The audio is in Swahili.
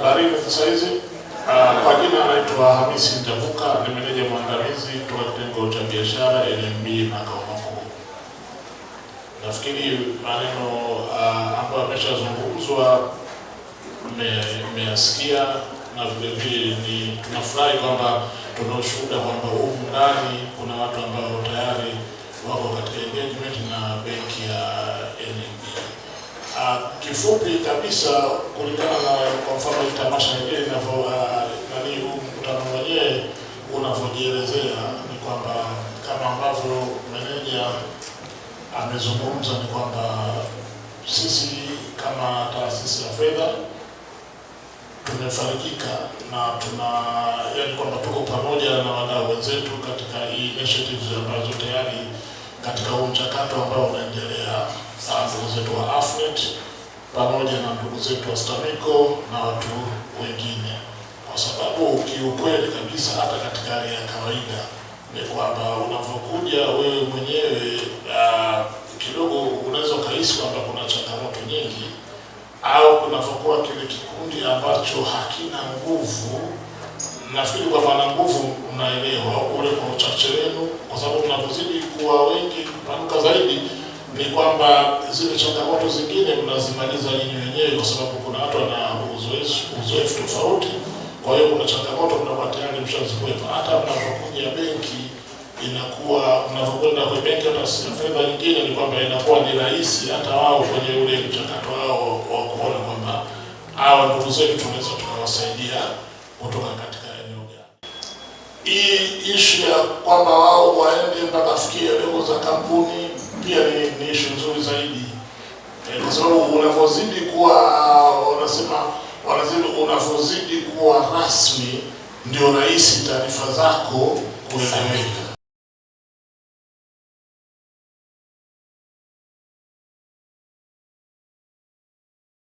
baharini sasa hizi. Ah, kwa jina anaitwa Hamisi Mtavuka, ni meneja mwandamizi kwa kitengo cha biashara NMB makao makuu. Nafikiri maneno ah, ambayo ameshazungumzwa mmeyasikia, na vilevile ni tunafurahi kwamba tuna ushuhuda kwamba huu ndani Ah, kifupi kabisa kulingana na kwa mfano tamasha lingine linavyo ah, nani huu mkutano wenyewe unavyojielezea ni kwamba kama ambavyo meneja amezungumza ni kwamba sisi kama taasisi ya fedha tumefarikika na tuna yaani kwamba tuko pamoja na wadau wenzetu katika hii initiatives ambazo tayari katika huu mchakato ambao unaendelea ndugu zetu wa AFNET pamoja na ndugu zetu wa STAMICO na watu wengine, kwa sababu kiukweli kabisa hata katika hali ya kawaida ni kwamba unavyokuja wewe mwenyewe uh, kidogo unaweza ukahisi kwamba kuna changamoto nyingi, au kunavyokuwa kile kikundi ambacho hakina nguvu, nafikiri kwamba na nguvu ni kwamba zile changamoto zingine mnazimaliza nyinyi wenyewe, kwa sababu kuna watu wana uzoefu tofauti. Kwa hiyo kuna changamoto mnakuwa tayari mshazikwepa. Hata mnapokuja benki inakuwa mnapokwenda kwa benki hata fedha nyingine, ni kwamba inakuwa ni rahisi hata wao kwenye ule mchakato wao wa kuona kwamba hawa ndugu zetu tunaweza tukawasaidia kutoka katika eneo gani. Hii ishi ya kwamba wao waende mpaka afikie lengo za kampuni pia ni, ni issue nzuri zaidi eh, kwa sababu unavyozidi kuwa uh, wanasema wanazidi, unavyozidi kuwa rasmi ndio unahisi taarifa zako kueleweka.